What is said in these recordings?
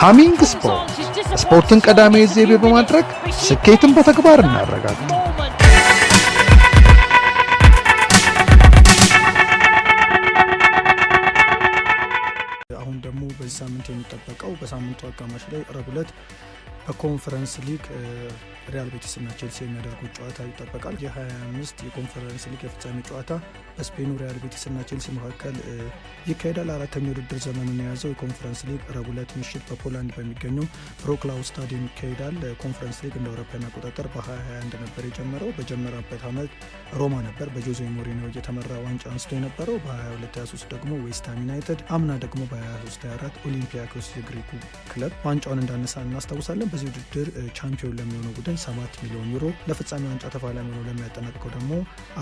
ሃሚንግ ስፖርት ስፖርትን ቀዳሚ ዘይቤ በማድረግ ስኬትን በተግባር እናረጋግጥ። አሁን ደግሞ በዚህ ሳምንት የሚጠበቀው በሳምንቱ አጋማሽ ላይ ረቡዕ ዕለት በኮንፈረንስ ሊግ ሪያል ቤቲስና ቼልሲ የሚያደርጉት ጨዋታ ይጠበቃል። የ25 የኮንፈረንስ ሊግ የፍጻሜ ጨዋታ በስፔኑ ሪያል ቤቲስና ቼልሲ መካከል ይካሄዳል። አራተኛ ውድድር ዘመኑን የያዘው የኮንፈረንስ ሊግ ረቡለት ምሽት በፖላንድ በሚገኘው ሮክላው ስታዲየም ይካሄዳል። ኮንፈረንስ ሊግ እንደ አውሮፓውያን አቆጣጠር በ 221 ነበር የጀመረው። በጀመረበት ዓመት ሮማ ነበር በጆዜ ሞሪኖ እየተመራ ዋንጫ አንስቶ የነበረው። በ2223 ደግሞ ዌስትሃም ዩናይትድ፣ አምና ደግሞ በ2324 ኦሊምፒያኮስ የግሪኩ ክለብ ዋንጫውን እንዳነሳ እናስታውሳለን። በዚህ ውድድር ቻምፒዮን ለሚሆነው ቡድን 7 ሚሊዮን ዩሮ ለፍጻሜ ዋንጫ ተፋላሚ ሆኖ ለሚያጠናቅቀው ደግሞ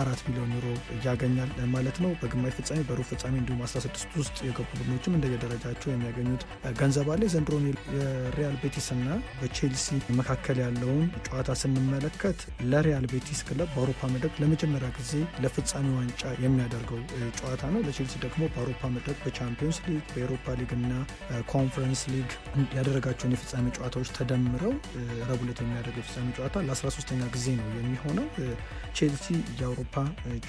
አራት ሚሊዮን ዩሮ ያገኛል ማለት ነው። በግማሽ ፍጻሜ፣ በሩብ ፍጻሜ እንዲሁም 16 ውስጥ የገቡ ቡድኖችም እንደየደረጃቸው የሚያገኙት ገንዘብ አለ። ዘንድሮ የሪያል ቤቲስ እና በቼልሲ መካከል ያለውን ጨዋታ ስንመለከት ለሪያል ቤቲስ ክለብ በአውሮፓ መድረክ ለመጀመሪያ ጊዜ ለፍጻሜ ዋንጫ የሚያደርገው ጨዋታ ነው። ለቼልሲ ደግሞ በአውሮፓ መድረክ በቻምፒዮንስ ሊግ፣ በኤሮፓ ሊግ እና ኮንፈረንስ ሊግ ያደረጋቸውን የፍጻሜ ጨዋታዎች ተደምረው ረቡለት የሚያደርገው በሚደረገው ጨዋታ ለ 13 ተኛ ጊዜ ነው የሚሆነው። ቼልሲ የአውሮፓ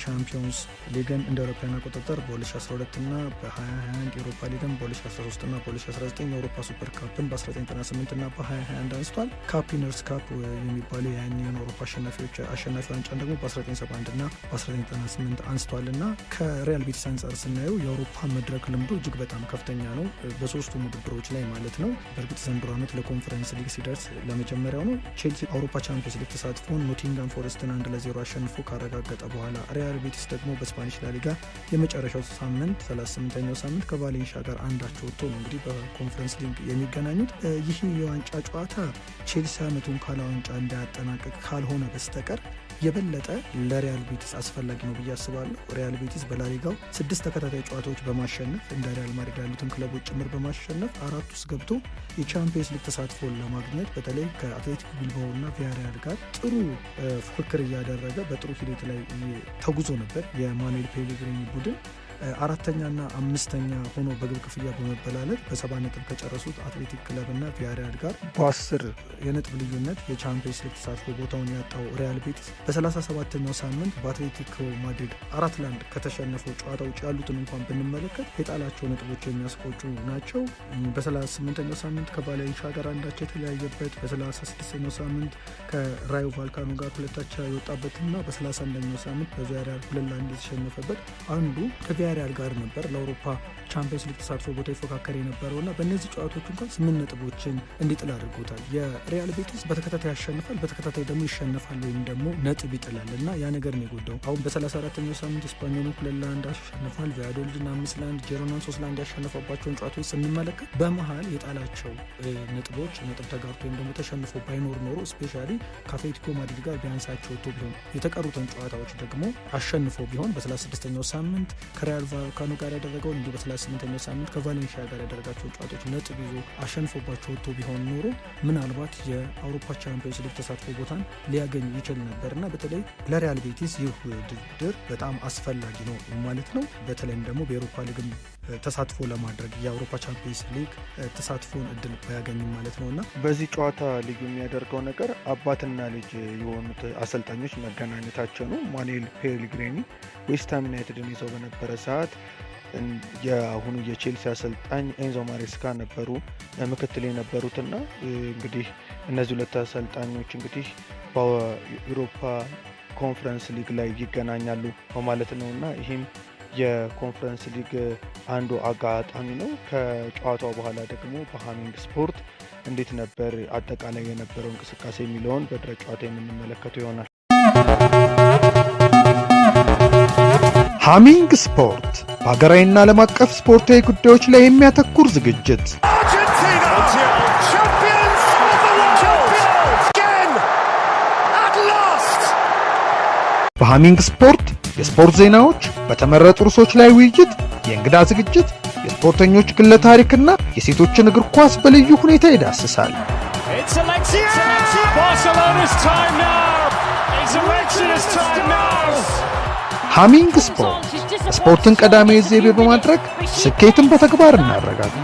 ቻምፒዮንስ ሊግን እንደ አውሮፓውያን አቆጣጠር በ2012 እና በ2021 የአውሮፓ ሊግን በ2013 እና በ2019 የአውሮፓ ሱፐር ካፕን በ1998 እና በ2021 አንስቷል። ካፕ ዊነርስ ካፕ የሚባለው የያኔውን አውሮፓ አሸናፊዎች አሸናፊ ዋንጫን ደግሞ በ1971 እና በ1998 አንስቷል እና ከሪያል ቤቲስ አንጻር ስናየው የአውሮፓ መድረክ ልምዶ እጅግ በጣም ከፍተኛ ነው፣ በሶስቱ ውድድሮች ላይ ማለት ነው። በእርግጥ ዘንድሮ ዓመት ለኮንፈረንስ ሊግ ሲደርስ ለመጀመሪያው ነው። ቼልሲ በአውሮፓ ቻምፒዮንስ ሊግ ተሳትፎን ኖቲንጋም ፎረስትን አንድ ለዜሮ አሸንፎ ካረጋገጠ በኋላ ሪያል ቤቲስ ደግሞ በስፓኒሽ ላሊጋ የመጨረሻው ሳምንት 38ኛው ሳምንት ከቫሌንሻ ጋር አንዳቸው ወጥቶ ነው እንግዲህ በኮንፈረንስ ሊግ የሚገናኙት። ይህ የዋንጫ ጨዋታ ቼልሲ አመቱን ካለ ዋንጫ እንዳያጠናቀቅ ካልሆነ በስተቀር የበለጠ ለሪያል ቤቲስ አስፈላጊ ነው ብዬ አስባለሁ። ሪያል ቤቲስ በላሊጋው ስድስት ተከታታይ ጨዋታዎች በማሸነፍ እንደ ሪያል ማድሪድ ያሉትን ክለቦች ጭምር በማሸነፍ አራት ውስጥ ገብቶ የቻምፒየንስ ሊግ ተሳትፎን ለማግኘት በተለይ ከአትሌቲክ ቢልባው እና ቪያሪያል ጋር ጥሩ ፉክክር እያደረገ በጥሩ ሂደት ላይ ተጉዞ ነበር የማኑኤል ፔሌግሪኒ ቡድን አራተኛና አምስተኛ ሆኖ በግብ ክፍያ በመበላለጥ በሰባ ነጥብ ከጨረሱት አትሌቲክ ክለብና ቪያሪያል ጋር በአስር የነጥብ ልዩነት የቻምፒየንስ ሊግ ተሳትፎ ቦታውን ያጣው ሪያል ቤቲስ በ37ኛው ሳምንት በአትሌቲኮ ማድሪድ አራት ለአንድ ከተሸነፈው ጨዋታ ውጭ ያሉትን እንኳን ብንመለከት የጣላቸው ነጥቦች የሚያስቆጩ ናቸው። በ38ኛው ሳምንት ከባላይሻ ጋር አንዳቸው የተለያየበት፣ በ36ኛው ሳምንት ከራዮ ቫልካኖ ጋር ሁለታቻ የወጣበትና በ31ኛው ሳምንት በቪያሪያል ሁለት ለአንድ የተሸነፈበት አንዱ ቪያሪያል ጋር ነበር ለአውሮፓ ቻምፒየንስ ሊግ ተሳትፎ ቦታ ይፎካከር የነበረው እና በእነዚህ ጨዋታዎች እንኳን ስምንት ነጥቦችን እንዲጥል አድርጎታል። የሪያል ቤቲስ በተከታታይ ያሸንፋል፣ በተከታታይ ደግሞ ይሸነፋል ወይም ደግሞ ነጥብ ይጥላል እና ያ ነገር ነው የጎዳው። አሁን በ34ኛው ሳምንት ስፓኞሉ ሁለት ለአንድ አሸንፏል። ቫያዶሊድን አምስት ለአንድ፣ ጀሮናን ሶስት ለአንድ ያሸነፈባቸውን ጨዋታዎች ስንመለከት በመሀል የጣላቸው ነጥቦች ነጥብ ተጋርቶ ወይም ደግሞ ተሸንፎ ባይኖር ኖሮ ስፔሻሊ ከአትሌቲኮ ማድሪድ ጋር ቢያንሳቸው ቶብሎ የተቀሩትን ጨዋታዎች ደግሞ አሸንፎ ቢሆን በ36ኛው ሳምንት ከሪያ ቪያር ከኑ ጋር ያደረገው እንዲሁ በ 38 ሳምንት ከቫሌንሺያ ጋር ያደረጋቸው ጨዋታዎች ነጥብ ይዞ አሸንፎባቸው ወጥቶ ቢሆን ኖሮ ምናልባት የአውሮፓ ቻምፒዮንስ ሊግ ተሳትፎ ቦታን ሊያገኙ ይችል ነበር ነበርና በተለይ ለሪያል ቤቲስ ይህ ውድድር በጣም አስፈላጊ ነው ማለት ነው። በተለይም ደግሞ በኤሮፓ ሊግም ተሳትፎ ለማድረግ የአውሮፓ ቻምፒየንስ ሊግ ተሳትፎን እድል ባያገኝም ማለት ነው እና በዚህ ጨዋታ ልዩ የሚያደርገው ነገር አባትና ልጅ የሆኑት አሰልጣኞች መገናኘታቸው ነው። ማኑኤል ፔልግሪኒ ዌስትሃም ዩናይትድን ይዘው በነበረ ሰዓት የአሁኑ የቼልሲ አሰልጣኝ ኤንዞ ማሬስካ ነበሩ ምክትል የነበሩትና እንግዲህ እነዚህ ሁለት አሰልጣኞች እንግዲህ በአውሮፓ ኮንፈረንስ ሊግ ላይ ይገናኛሉ በማለት ነው እና ይህም የኮንፈረንስ ሊግ አንዱ አጋጣሚ ነው። ከጨዋታው በኋላ ደግሞ በሃሚንግ ስፖርት እንዴት ነበር አጠቃላይ የነበረው እንቅስቃሴ የሚለውን በድረ ጨዋታ የምንመለከተው ይሆናል። ሃሚንግ ስፖርት በሀገራዊና ዓለም አቀፍ ስፖርታዊ ጉዳዮች ላይ የሚያተኩር ዝግጅት በሃሚንግ ስፖርት የስፖርት ዜናዎች፣ በተመረጡ ርዕሶች ላይ ውይይት፣ የእንግዳ ዝግጅት፣ የስፖርተኞች ግለ ታሪክና የሴቶችን እግር ኳስ በልዩ ሁኔታ ይዳስሳል። ሃሚንግ ስፖርት ስፖርትን ቀዳሚ ዘይቤ በማድረግ ስኬትን በተግባር እናረጋግጥ።